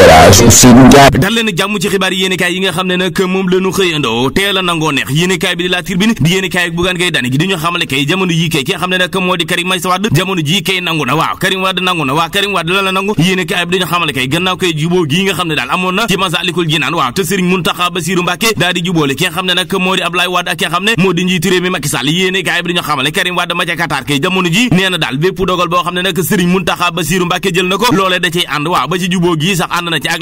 Elhadj Ousseynou Ndiaye dal leen jàmm ci xibaar yéenekaay yi nga xam ne nag moom la xëyandoo teel a nangoo neex yéenekaay bi di xamale kay jamono kay juboo gi nga xam ne daal amoon na ci Masaalikul Jinaan waaw te Serigne Mountakha Bassirou Mbacké daal di jël na ko loolee da cay ànd waaw ba ci juboo gi sax ànd na ci ak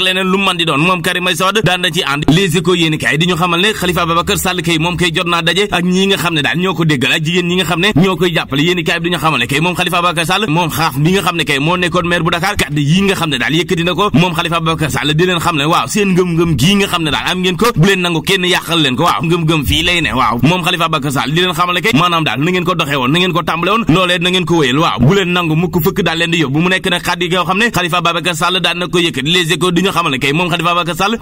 moom Karim Meïssa Wade daan ci ànd Les Échos yéen kay di ñu xamal ne Khalifa Babacar Sall kay moom kay jot naa daje ak ñi nga xam ne daal ñoo ko déggal ak jigéen ñi nga xam ne ñoo koy jàppale yéen kay moom Khalifa Babacar Sall moom xaaf mi nga xam ne kay moo nekkoon maire bu Dakar kàddu yi nga xam ne daal yëkkati ko moom Khalifa Babacar Sall di leen xam ne waaw seen ngëm-ngëm gii nga xam ne daal am ngeen ko bu nangu kenn yàqal leen ko waaw ngëm-ngëm Les xamal ne kay moom Khalifa Ababacar Sall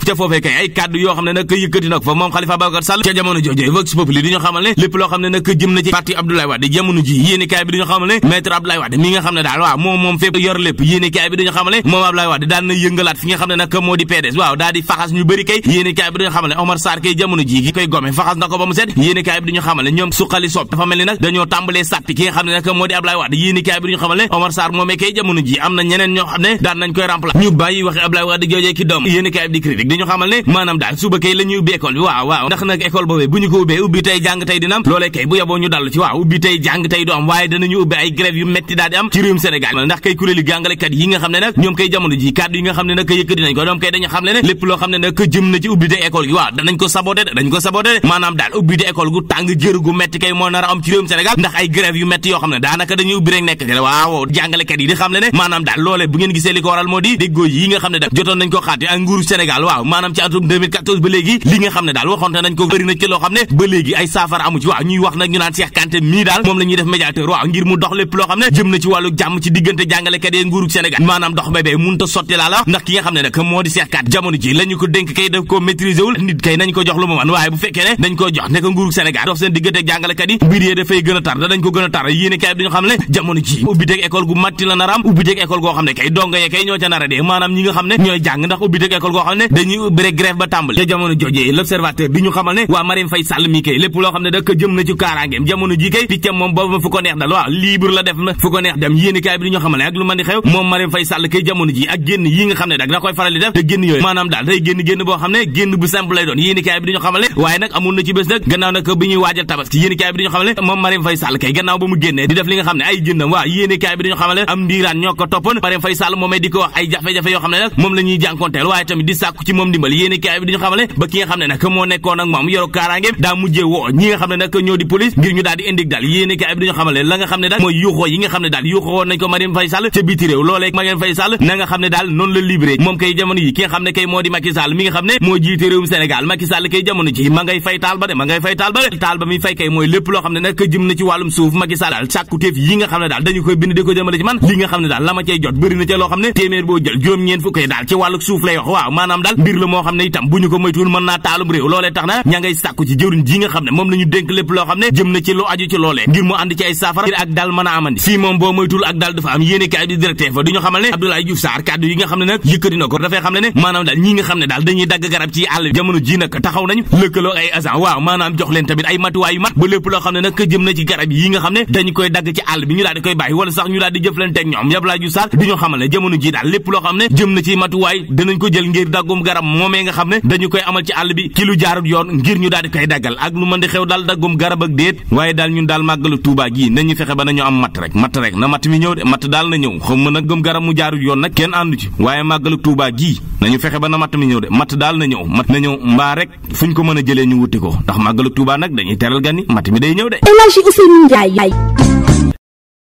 ca ca jamono jooju Vox Populi di xamal ne lépp loo xam ne nag jëm na ci parti Abdoulaye Wade di ñu xamal ne maître Abdoulaye Wade mi nga xam ne daal waaw moom moom fépp yor lépp yéenekaay bi di ñu xamal ne moom Abdoulaye Wade daan nga xam ne nag moo di PDS waaw di yéenekaay bi di xamal ne Omar Sarr kay jamono ji gi koy gome faxas na ko ba mu set yéenekaay bi di xamal ne ñoom suqali sob dafa mel ni Abdoulaye Wade joojee ki doom yéen kaay bi di critique di xamal ne maanaam daal suba kay la ubbi école bi waaw waaw ndax nag école boobee bu ñu ko ubbi tey jàng tey dina am kay bu yeboo ñu dallu ci waaw ubbi tey jàng tey du am waaye danañu ubbi yu metti daal di am ci réewum Sénégal ndax kay kuréelu a yu metti yoo xam ne daanaka dañuy ubbi rek nekk waaw jàngalekat yi di xam ne ne maanaam daal loolee bu ngeen gisee li ko waral moo di déggoo yi nga jotoon nañ ko xaate ak nguuru Sénégal waaw maanaam ci atum 2014 ba léegi li nga xam ne daal waxoonte nañ ko bëri na ci loo xam ne ba léegi ay saafara amu ci waaw ñuy wax nag ñu naan Cheikh Kanté mii daal moom la ñuy def médiateur waaw ngir mu dox lépp loo xam ne jëm na ci wàllu jàmm ci diggante jàngalekat yi nguuru Sénégal maanaam dox bébé munta sotti laa la ndax ki nga xam ne nag moo di Cheikh jamono ji la ñu ko dénk kay daf ko maîtriser wul nit jox lu mu man waaye bu fekkee ne dañ ko jox ne a tar dañ a ne jamono ji ubbi teg école gu matti la naram a dee maanaam ñi nga ñooy jàng ndax ubbi teg école goo xam ne dañuy ubbi rek grève ba tàmbali ca jamono jojee l'observateur di ñu xamal ne waa Marème Faye Sall mii kay loo xam ne dak jëm na ci kaaraangeem jamono ne ak lu mën di xew moom Marème Faye Sall kay yi nga xam ne dak da koy faral di def te génn yooyu ne génn bu simple lay doon yéenekaay bi di ñu xamal ne waaye nag amoon na ci bés nag gannaaw nag bi ñuy ne moom Marème Faye Sall kay gannaaw ba mu génnee di def li nga xam ne ay jëndam waaw yéenekaay bi di ñu xamal ne am ndiiraan ñoo ko toppoon Marème Faye Sall moomee di ko wax ay jafe-jafe yoo xam ne nag moom la ñuy jànkonteel waaye tamit di sàkku ci moom ndimbal yéen kaay bi di xamale ba ki nga xam ne nag moo nekkoon ak moom yoru kaaraange daa mujjee woo ñi nga xam ne nag ñoo di police ngir ñu daal di indik daal yéen kaay bi di xamale la nga xam ne daal mooy yuuxoo yi nga xam ne daal yuuxoo nañ ko Marième Faye Sall ca biti réew loolee Marième Faye Sall na nga xam ne daal noonu la libéré moom kay jamono yi ki xam ne kay moo di Macky Sall nga xam ne moo jiite réewum Sénégal Macky Sall loo xam ne na ci wàllum suuf Macky Sall daal sàkkuteef yi nga xam ne daal dañu koy bind ne daal la ma cay jot daal ci wàllu suuf lay waaw maanaam daal mbir la moo xam ne itam bu ñu ko moytuwul mën naa taalum réew loolee tax na ña sàkku ci jëwriñ ji nga xam ne moom la dénk lépp loo xam ne jëm na ci lu aju ci loolee ngir mu ànd ci ay saafara ngir daal mën a amandi fii moom boo daal dafa am yéene kaay bi directeur fa du ñu xamal ne Abdoulaye Diouf daal lépp loo xam ne jëm na ci garab yi nga xam ne dañu koy dagg ci àll bi ñu daal di koy bàyyi wala sax ñu matuwaay danañ ko jël ngir daggum garab moomee nga xam ne dañu koy amal ci àll bi ci lu jaarut yoon ngir ñu daal di koy daggal ak lu mën di xew daal daggum garab ak déet waaye daal ñun daal màggalu Tuubaa na ñu fexe ba nañu am matt rek mat rek na mat mi ñëw de matt daal na ñëw xaw ma a gëm garab mu jaarut yoon nag kenn àndu ci waaye màggalu Tuubaa gii nañu fexe ba na matt mi ñëw de matt daal na ñëw mat na ñëw mbaa rek fuñ ko mën a jëlee ñu wuti ko ndax màggalu Tuubaa nag dañuy teral gan yi matt mi day ñëw de